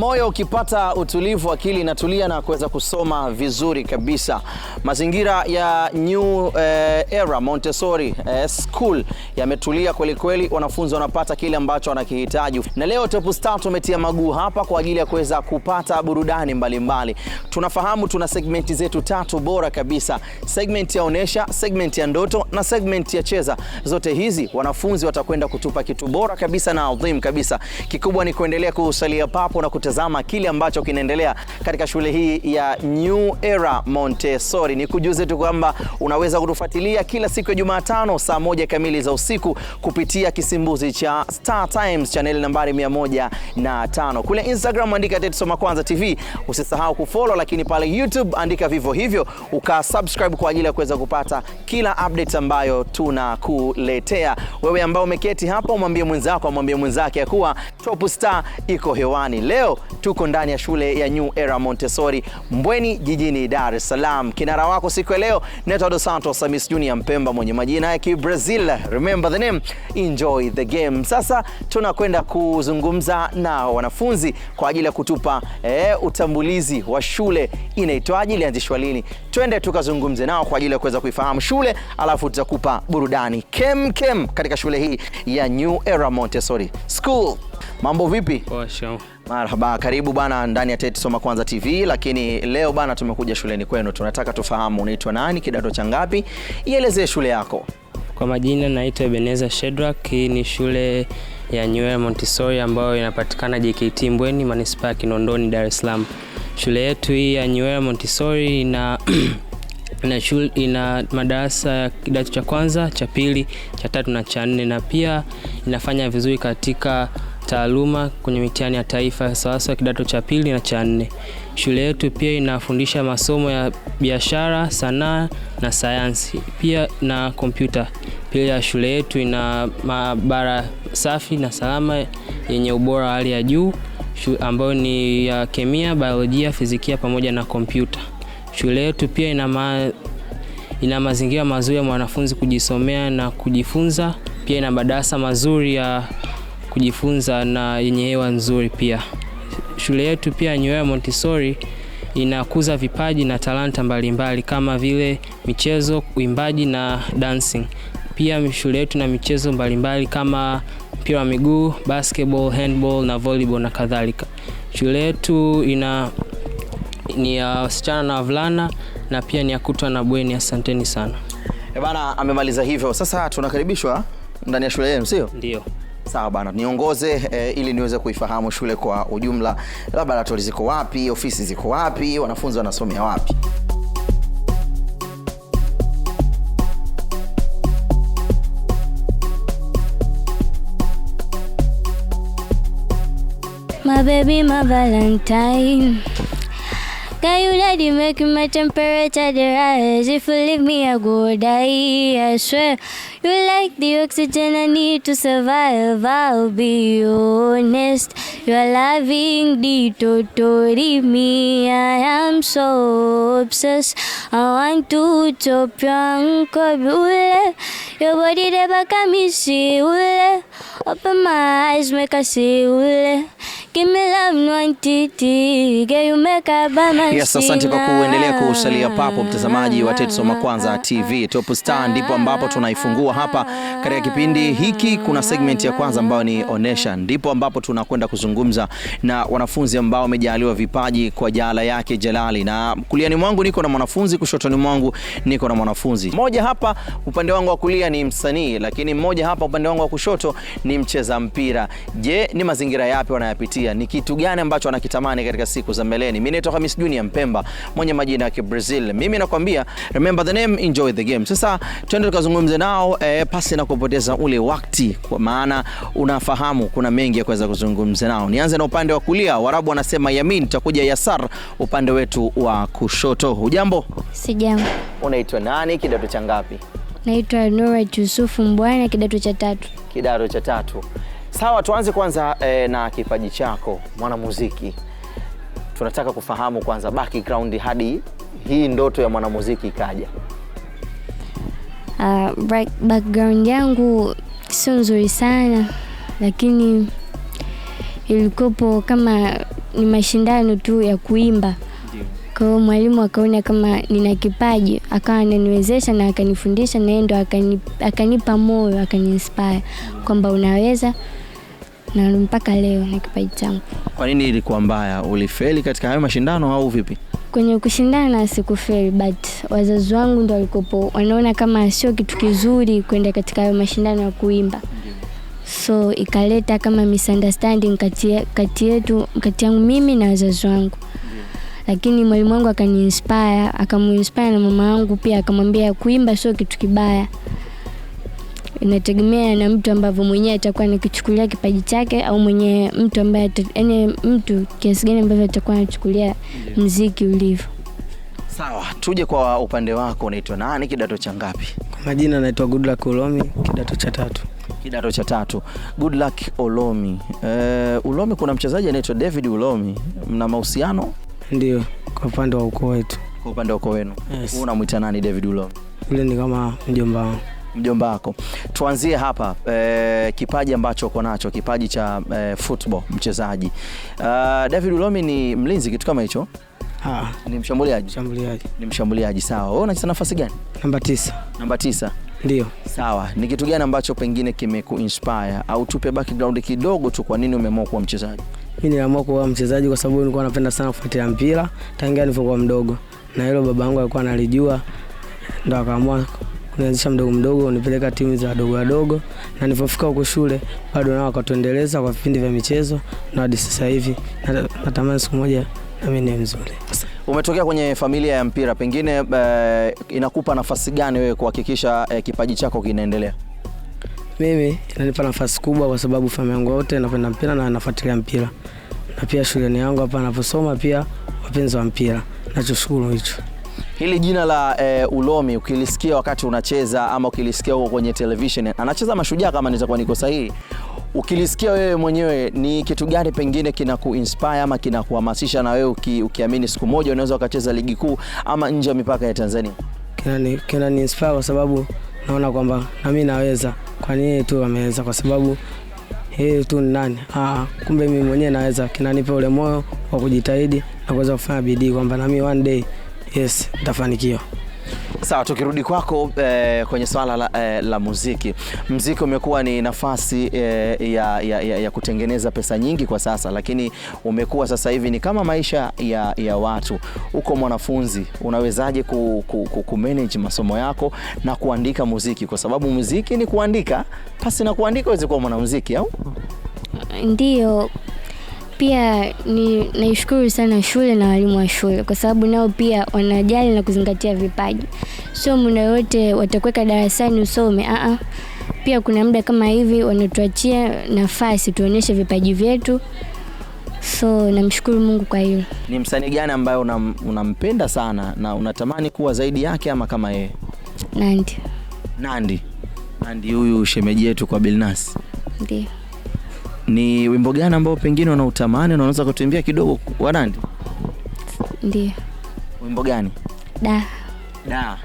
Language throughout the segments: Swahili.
Moyo ukipata utulivu, akili inatulia na kuweza kusoma vizuri kabisa. Mazingira ya New eh, Era Montessori eh, School yametulia kweli kweli, wanafunzi wanapata kile ambacho wanakihitaji, na leo Top Star tumetia maguu hapa kwa ajili ya kuweza kupata burudani mbalimbali mbali. Tunafahamu tuna segmenti zetu tatu bora kabisa, segment ya onesha, segment ya ndoto na segment ya cheza. Zote hizi wanafunzi watakwenda kutupa kitu bora kabisa na adhim kabisa. Kikubwa ni kuendelea kusalia papo na kutu kutazama kile ambacho kinaendelea katika shule hii ya New Era Montessori. Ni kujuze tu kwamba unaweza kutufuatilia kila siku ya Jumatano saa moja kamili za usiku kupitia kisimbuzi cha Star Times channel nambari 105. Kule Instagram andika Soma Kwanza TV, usisahau kufollow, lakini pale YouTube andika vivyo hivyo, uka subscribe kwa ajili ya kuweza kupata kila update ambayo tunakuletea wewe. Ambao umeketi hapa, umwambie mwenzako, amwambie mwenzake ya kuwa Top Star iko hewani leo tuko ndani ya shule ya New Era Montessori Mbweni jijini Dar es Salaam. Kinara wako siku ya leo Neto Dos Santos Samis Junior Mpemba mwenye majina ya Kibrazil, remember the name, enjoy the game. Sasa tunakwenda kuzungumza na wanafunzi kwa ajili ya kutupa eh, utambulizi wa shule inaitwaje, ilianzishwa lini. Twende tukazungumze nao kwa ajili ya kuweza kuifahamu shule, alafu tutakupa burudani kem kem katika shule hii ya New Era Montessori School. Mambo vipi? Poa shau. Marhaba, karibu bana ndani ya Teti Soma Kwanza TV, lakini leo bana tumekuja shuleni kwenu. Tunataka tufahamu unaitwa nani, kidato cha ngapi? Ielezee shule yako. Kwa majina naitwa Ebeneza Shedrack. Hii ni shule ya Nyerere Montessori ambayo inapatikana JKT Mbweni, Manispaa ya Kinondoni, Dar es Salaam. Shule yetu hii ya Nyerere Montessori ina na shule, ina madarasa ya kidato cha kwanza, cha pili, cha tatu na cha nne na pia inafanya vizuri katika taaluma kwenye mitihani ya taifa sawasawa kidato cha pili na cha nne. Shule yetu pia inafundisha masomo ya biashara, sanaa na sayansi pia na kompyuta. Pia shule yetu ina maabara safi na salama yenye ubora wa hali ya juu ambayo ni ya kemia, biolojia, fizikia pamoja na kompyuta. Shule yetu pia ina, ma, ina mazingira mazuri ya mwanafunzi kujisomea na kujifunza. Pia ina madarasa mazuri ya kujifunza na yenye hewa nzuri. Pia shule yetu pia Nyoya Montessori inakuza vipaji na talanta mbalimbali mbali, kama vile michezo, uimbaji na dancing. Pia shule yetu na michezo mbalimbali mbali, kama mpira wa miguu, basketball, handball na volleyball na kadhalika. Shule yetu ina ni ya wasichana na wavulana na pia ni ya kutwa na bweni. Asanteni sana. Eh bana, amemaliza hivyo. Sasa tunakaribishwa ndani ya shule yenu, sio ndio? Sawa bana, niongoze eh, ili niweze kuifahamu shule kwa ujumla. Laboratori ziko wapi? Ofisi ziko wapi? Wanafunzi wanasomea wapi? My baby, my valentine Can you daddy make my temperature rise? If you leave me, I go die, I swear. You like the oxygen I need to survive. I'll be honest. You are loving the totori me. I am so obsessed. I want to chop your ankle. Your body never can miss you. Open my eyes, make I see eh. Give me love, no you make I buy my Yes, asante kwa kuendelea kusalia papo mtazamaji wa Tet Soma Kwanza ah, ah, ah, TV. Top Star ndipo ambapo tunaifungua hapa katika kipindi hiki. Kuna segment ya kwanza ambayo ni Onesha, ndipo ambapo tunakwenda kuzungumza na wanafunzi ambao wamejaliwa vipaji kwa jala yake Jalali, na kuliani mwangu niko na mwanafunzi, kushotoni mwangu niko na mwanafunzi mmoja. Hapa upande wangu wa kulia ni msanii, lakini mmoja hapa upande wangu wa kushoto ni mcheza mpira. Je, ni mazingira yapi wanayapitia? Ni kitu gani ambacho wanakitamani katika siku za mbeleni? Mimi naitwa Hamis Junior Mpemba, mwenye majina ya Kibrazil. Mimi nakwambia remember the name, enjoy the game. Sasa twende tukazungumze nao eh, pasi na kupoteza ule wakati, kwa maana unafahamu kuna mengi ya kuweza kuzungumza nao. Nianze na upande wa kulia, Warabu wanasema yamin takuja yasar, upande wetu wa kushoto. Hujambo? Sijambo. Unaitwa nani? Kidato cha ngapi? Naitwa Nora Yusufu Mbwana, kidato cha tatu. Kidato cha tatu. Sawa, tuanze kwanza eh, na kipaji chako mwanamuziki. Tunataka kufahamu kwanza background hadi hii ndoto ya mwanamuziki ikaja. Uh, right, background yangu sio nzuri sana, lakini ilikopo kama ni mashindano tu ya kuimba kwa hiyo mwalimu akaona kama nina kipaji, akawa ananiwezesha na akanifundisha, na yeye ndo akanipa, moyo, akaniinspire kwamba unaweza, na mpaka leo na kipaji changu. Kwa nini ilikuwa mbaya? Ulifeli katika hayo mashindano au vipi? Kwenye kushindana sikufeli, but wazazi wangu ndo walikopo wanaona kama sio kitu kizuri kwenda katika hayo mashindano ya kuimba, so ikaleta kama misunderstanding kati yetu, kati yangu mimi na wazazi wangu lakini mwalimu wangu akaniinspire, akamuinspire na mama yangu pia, akamwambia kuimba sio kitu kibaya, inategemea na mtu ambavyo mwenyewe atakuwa anakichukulia kipaji chake, au mwenye mtu ambaye yaani mtu kiasi gani ambavyo atakuwa anachukulia mziki ulivyo. Sawa, tuje kwa upande wako, unaitwa nani? Kidato cha ngapi? Kwa majina anaitwa Goodluck Ulomi, kidato cha tatu. Kidato cha tatu. Goodluck Ulomi. Uh, eh, Ulomi, kuna mchezaji anaitwa David Ulomi, mna mahusiano? Ndio, kwa upande wa ukoo wetu. Kwa upande wa ukoo wenu. Yes. Unamwita nani David Ulo? Yule ni kama mjomba Mjomba wako. Tuanzie hapa e, kipaji ambacho uko nacho, kipaji cha e, football mchezaji. Uh, David Ulomi ni mlinzi kitu kama hicho? Ah, ni mshambuliaji. Mshambuliaji. Ni mshambuliaji sawa. Wewe unacheza nafasi gani? Namba tisa. Namba tisa. Ndio. Sawa. Ni kitu gani ambacho pengine inspire au tupe background kidogo tu kwa nini umeamua kuwa mchezaji? mimi niliamua kuwa mchezaji kwa sababu nilikuwa napenda sana kufuatilia mpira tangia nilipokuwa mdogo, na hilo baba yangu alikuwa analijua, ndo akaamua kunianzisha mdogo mdogo, unipeleka timu za wadogo wadogo, na nilipofika huko shule bado nao wakatuendeleza kwa vipindi vya michezo, na hadi sasa hivi natamani siku moja nami ni mzuri. Umetokea kwenye familia ya mpira, pengine eh, inakupa nafasi gani wewe kuhakikisha eh, kipaji chako kinaendelea? mimi inanipa nafasi kubwa, kwa sababu familia yangu wote napenda mpira na nafuatilia mpira, na pia shuleni yangu hapa anaposoma pia wapenzi wa mpira, nachoshukuru hicho. Hili jina la e, Ulomi ukilisikia wakati unacheza ama ukilisikia huko kwenye television, anacheza Mashujaa kama nitakuwa niko sahihi, ukilisikia wewe mwenyewe, ni kitu gani pengine kinakuinspire ama kinakuhamasisha na wewe uki, ukiamini siku moja unaweza ukacheza ligi kuu ama nje ya mipaka ya Tanzania? Kinani, kinani inspire kwa sababu naona kwamba nami naweza. Kwa nini tu ameweza? Kwa sababu yeye tu ni nani? Ah, kumbe mimi mwenyewe naweza. Kinanipa ule moyo wa kujitahidi na kuweza kufanya bidii kwamba nami one day yes, nitafanikiwa. Sawa, tukirudi kwako eh, kwenye swala la, eh, la muziki, muziki umekuwa ni nafasi eh, ya, ya, ya, ya kutengeneza pesa nyingi kwa sasa, lakini umekuwa sasa hivi ni kama maisha ya, ya watu. Uko mwanafunzi, unawezaje ku, ku, ku, ku manage masomo yako na kuandika muziki? Kwa sababu muziki ni kuandika, pasi na kuandika uweze kuwa mwanamuziki au? Ndio. Pia ni naishukuru sana shule na walimu wa shule, kwa sababu nao pia wanajali na kuzingatia vipaji, sio muda wote watakuweka darasani usome a ah, ah. Pia kuna muda kama hivi wanatuachia nafasi tuonyeshe vipaji vyetu, so namshukuru Mungu kwa hilo. Ni msanii gani ambaye unampenda unampenda sana na unatamani kuwa zaidi yake ama kama yeye? Nandi. Nandi. Nandi huyu shemeji yetu kwa Bilnas. Ndio. Ni wimbo gani ambao pengine unautamani na unaweza kutuimbia kidogo wa Ndio. Wimbo gani? Da. Da.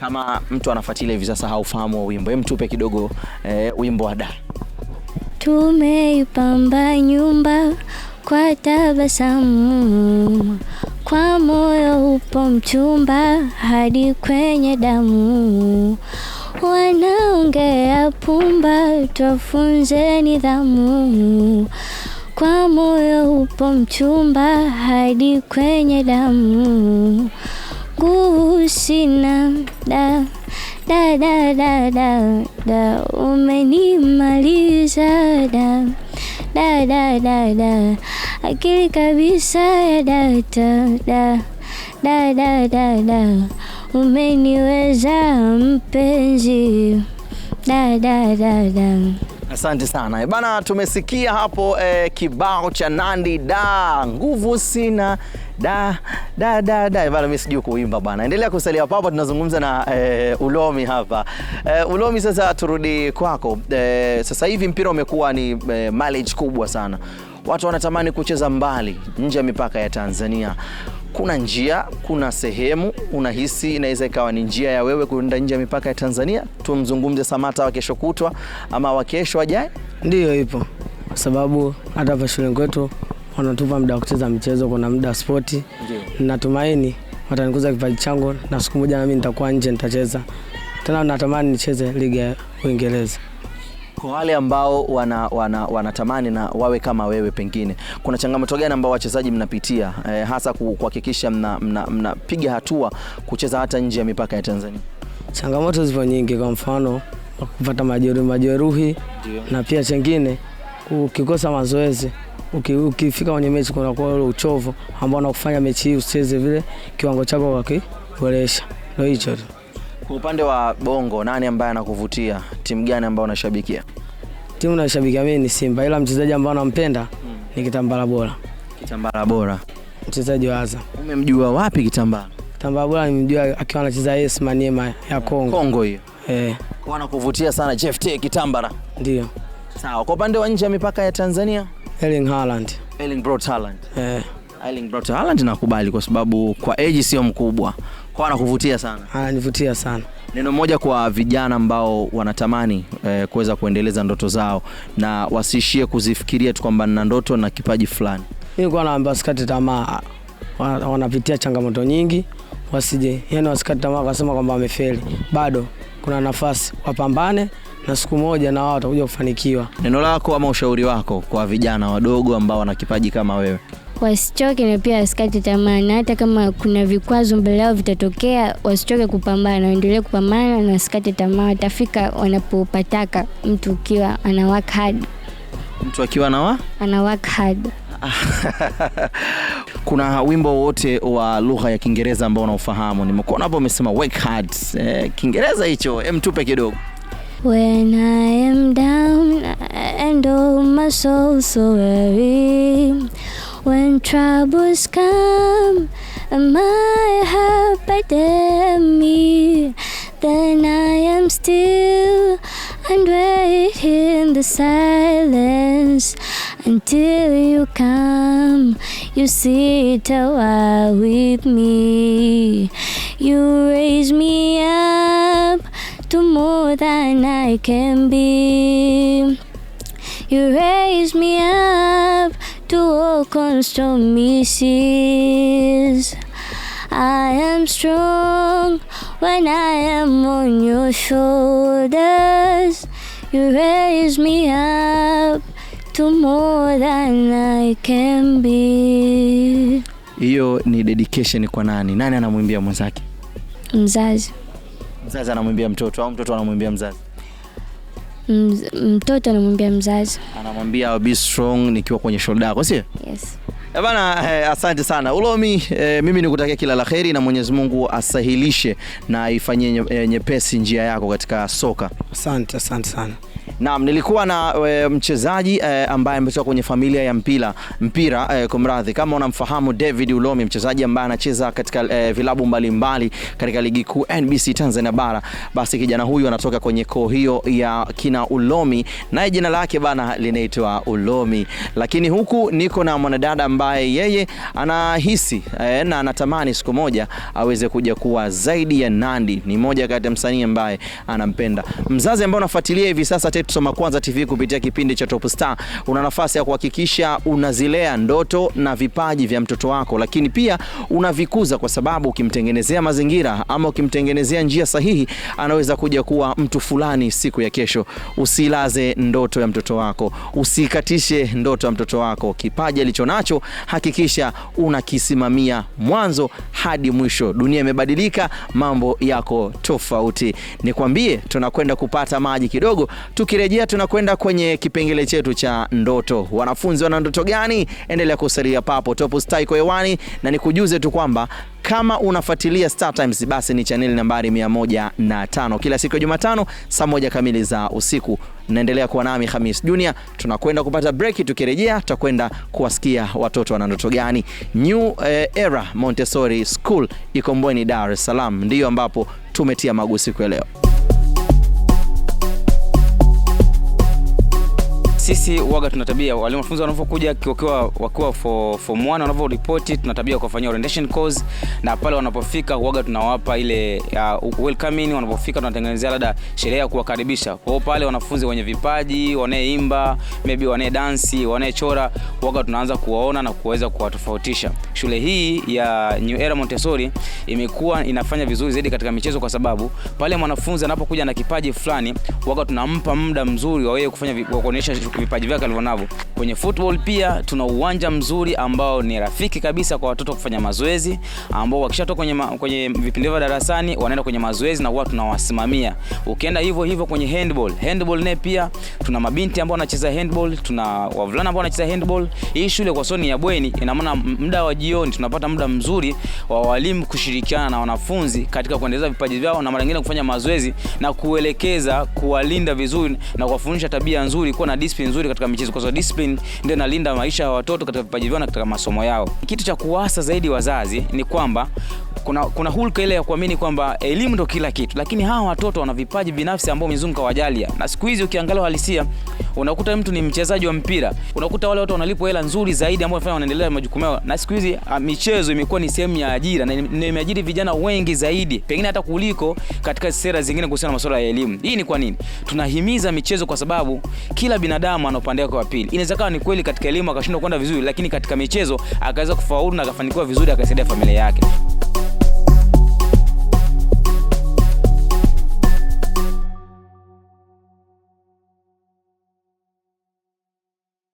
Kama mtu anafuatilia hivi sasa haufahamu wa wimbo, hem, tupe kidogo eh, wimbo wa Da. Tumeipamba nyumba kwa tabasamu, kwa moyo upo mchumba hadi kwenye damu wanaongea pumba, twafunze nidhamu kwa moyo upo mchumba hadi kwenye damu. Nguvu sina da da da da da da, umenimaliza da da da da da, akili kabisa ya data da da da da da umeniweza mpenzi da, da, da, da. Asante sana eh, bana, tumesikia hapo eh, kibao cha Nandy da nguvu sina da da da da eh, bana, mimi sijui kuimba bana. Endelea kusalia hapo, tunazungumza na eh, Ulomi hapa eh, Ulomi, sasa turudi kwako eh, sasa hivi mpira umekuwa ni eh, mileage kubwa sana, watu wanatamani kucheza mbali nje ya mipaka ya Tanzania kuna njia, kuna sehemu unahisi inaweza ikawa ni njia ya wewe kuenda nje ya mipaka ya Tanzania? Tumzungumze Samata wa kesho kutwa ama wa kesho ajaye? Ndiyo, ipo kwa sababu hata hapa shuleni kwetu wanatupa muda wa kucheza michezo, kuna muda wa spoti. Natumaini watanikuza kipaji changu na siku moja nami nitakuwa nje nitacheza tena, natamani nicheze ligi ya Uingereza. Kwa wale ambao wanatamani wana, wana na wawe kama wewe, pengine kuna changamoto gani ambao wachezaji mnapitia eh, hasa kuhakikisha mnapiga mna, mna hatua kucheza hata nje ya mipaka ya Tanzania? Changamoto zipo nyingi, kwa mfano kupata majeruhi majeruhi, na pia chengine ukikosa mazoezi Uki, ukifika kwenye mechi kunakuwa ule uchovu ambao unakufanya mechi hii usicheze vile kiwango chako wakiboresha ndio hicho tu. Kwa upande wa Bongo, nani ambaye anakuvutia? Timu gani ambayo unashabikia? Timu nashabikia mimi ni Simba, ila mchezaji ambaye nampenda hmm, ni Kitambala Bora. Kitambala Bora, mchezaji wa Azam. Umemjua wapi Kitambala? Kitambala Bora nimemjua akiwa anacheza AS Maniema ya Kongo. Kongo hiyo. Eh. Kwa anakuvutia sana Jeff T Kitambala. Ndio. Sawa. Kwa upande wa nje ya mipaka ya Tanzania, Erling Haaland. Erling Haaland. Eh. Erling Haaland nakubali kwa sababu kwa age sio mkubwa kwa anakuvutia sana. Ananivutia sana. Neno moja kwa vijana ambao wanatamani eh, kuweza kuendeleza ndoto zao na wasiishie kuzifikiria tu kwamba nina ndoto na kipaji fulani. Mimi kwa naomba wasikate tamaa, wanapitia changamoto nyingi, wasije yani wasikate tamaa wakasema kwamba wamefeli. Bado kuna nafasi, wapambane na siku moja na wao watakuja kufanikiwa. Neno lako ama ushauri wako kwa vijana wadogo ambao wana kipaji kama wewe? wasichoke na pia wasikate tamaa, na hata kama kuna vikwazo mbele yao vitatokea, wasichoke kupambana, waendelee kupambana na wasikate tamaa, watafika wanapopataka. Mtu ukiwa ana work hard, mtu akiwa anawa ana work hard kuna wimbo wote wa lugha ya Kiingereza ambao unaofahamu? Nimekuona hapo umesema work hard. Eh, Kiingereza hicho, hem, tupe kidogo. When I am down and all my soul so weary When troubles come, my heart burden me. Then I am still and wait in the silence until you come. You sit a while with me. You raise me up to more than I can be. You raise me up to walk on stormy seas. I am strong when I am on your shoulders. You raise me up to more than I can be. Hiyo ni dedication kwa nani? Nani anamwimbia mwenzake? Mzazi. Mzazi anamwimbia mtoto au mtoto anamwimbia mzazi? mtoto anamwambia mzazi, anamwambia be strong, nikiwa kwenye shoulder yako, sio? Yes. Ebana, eh, eh, asante sana Ulomi eh, mimi nikutakia kila la heri na Mwenyezi Mungu asahilishe na aifanyie eh, nyepesi njia yako katika soka. Asante, asante sana. Naam, nilikuwa na e, mchezaji e, ambaye ametoka kwenye familia ya mpira mpira e, kumradhi, kama unamfahamu David Ulomi, mchezaji ambaye anacheza katika e, vilabu mbalimbali mbali, katika ligi kuu NBC Tanzania bara. Basi kijana huyu anatoka kwenye koo hiyo ya kina Ulomi, naye jina lake bana linaitwa Ulomi. Lakini huku niko na mwanadada ambaye yeye anahisi e, na anatamani siku moja aweze kuja kuwa zaidi ya Nandy. Ni moja kati ya msanii ambaye anampenda. Mzazi ambaye unafuatilia hivi sasa chetu Soma Kwanza TV kupitia kipindi cha Top Star, una nafasi ya kuhakikisha unazilea ndoto na vipaji vya mtoto wako, lakini pia unavikuza, kwa sababu ukimtengenezea mazingira ama ukimtengenezea njia sahihi, anaweza kuja kuwa mtu fulani siku ya kesho. Usilaze ndoto ya mtoto wako, usikatishe ndoto ya mtoto wako. Kipaji alicho nacho hakikisha unakisimamia mwanzo hadi mwisho. Dunia imebadilika, mambo yako tofauti. Nikwambie, tunakwenda kupata maji kidogo tu Tukirejea tunakwenda kwenye kipengele chetu cha ndoto. Wanafunzi wana ndoto gani? Endelea kusalia papo, Top Star iko hewani, na nikujuze tu kwamba kama unafuatilia Star Times basi ni chaneli nambari 105 kila siku ya Jumatano saa moja kamili za usiku. Naendelea kuwa nami Hamis Junior, tunakwenda kupata break. Tukirejea tutakwenda kuwasikia watoto wana ndoto gani. New eh, Era Montessori School iko Mbweni, Dar es Salaam, ndiyo ambapo tumetia magu siku ya leo. sisi waga tuna tabia wale wanafunzi wanavyokuja wakiwa wakiwa for form 1 wanavyoripoti, tuna tabia kuwafanyia orientation course, na pale wanapofika waga tunawapa ile uh, welcome in. Wanapofika tunatengenezea labda sherehe ya kuwakaribisha kwao pale. Wanafunzi wenye vipaji, wanayeimba maybe, wanae wanayedansi, wanayechora, waga tunaanza kuwaona na kuweza kuwatofautisha. Shule hii ya New Era Montessori imekuwa inafanya vizuri zaidi katika michezo, kwa sababu pale mwanafunzi anapokuja na kipaji fulani, waga tunampa muda mzuri wa yeye kufanya kuonesha vipaji vyake alivyonavyo. Kwenye football pia tuna uwanja mzuri ambao ni rafiki kabisa kwa watoto kufanya mazoezi, ambao wakishatoka kwenye, ma, kwenye vipindi vya darasani wanaenda kwenye mazoezi na huwa tunawasimamia. Ukienda hivyo hivyo kwenye handball, handball naye pia tuna mabinti ambao wanacheza handball, tuna wavulana ambao wanacheza handball. Hii shule kwa soni ya bweni, ina maana muda wa jioni tunapata muda mzuri wa walimu kushirikiana na wanafunzi katika kuendeleza vipaji vyao na mara nyingine kufanya mazoezi na kuelekeza, kuwalinda vizuri na kuwafundisha tabia nzuri, kuwa na discipline discipline nzuri katika michezo, kwa sababu discipline ndio inalinda maisha ya watoto katika vipaji vyao na katika masomo yao. Kitu cha kuwasa zaidi wazazi ni kwamba kuna, kuna hulka ile ya kuamini kwamba elimu ndio kila kitu, lakini hawa watoto wana vipaji binafsi ambao mizungu kawajalia. Na siku hizi ukiangalia halisia, unakuta mtu ni mchezaji wa mpira, unakuta wale watu wanalipwa hela nzuri zaidi ambao wanafanya wanaendelea na majukumu yao, na siku hizi ah, michezo imekuwa ni sehemu ya ajira na imeajiri vijana wengi zaidi pengine hata kuliko katika sera zingine kuhusiana na masuala ya elimu. Hii ni kwa nini tunahimiza michezo? Kwa sababu kila binadamu binadamu anaopandia kwa pili. Inaweza kawa ni kweli katika elimu akashindwa kwenda vizuri, lakini katika michezo akaweza kufaulu na akafanikiwa vizuri, akasaidia familia yake.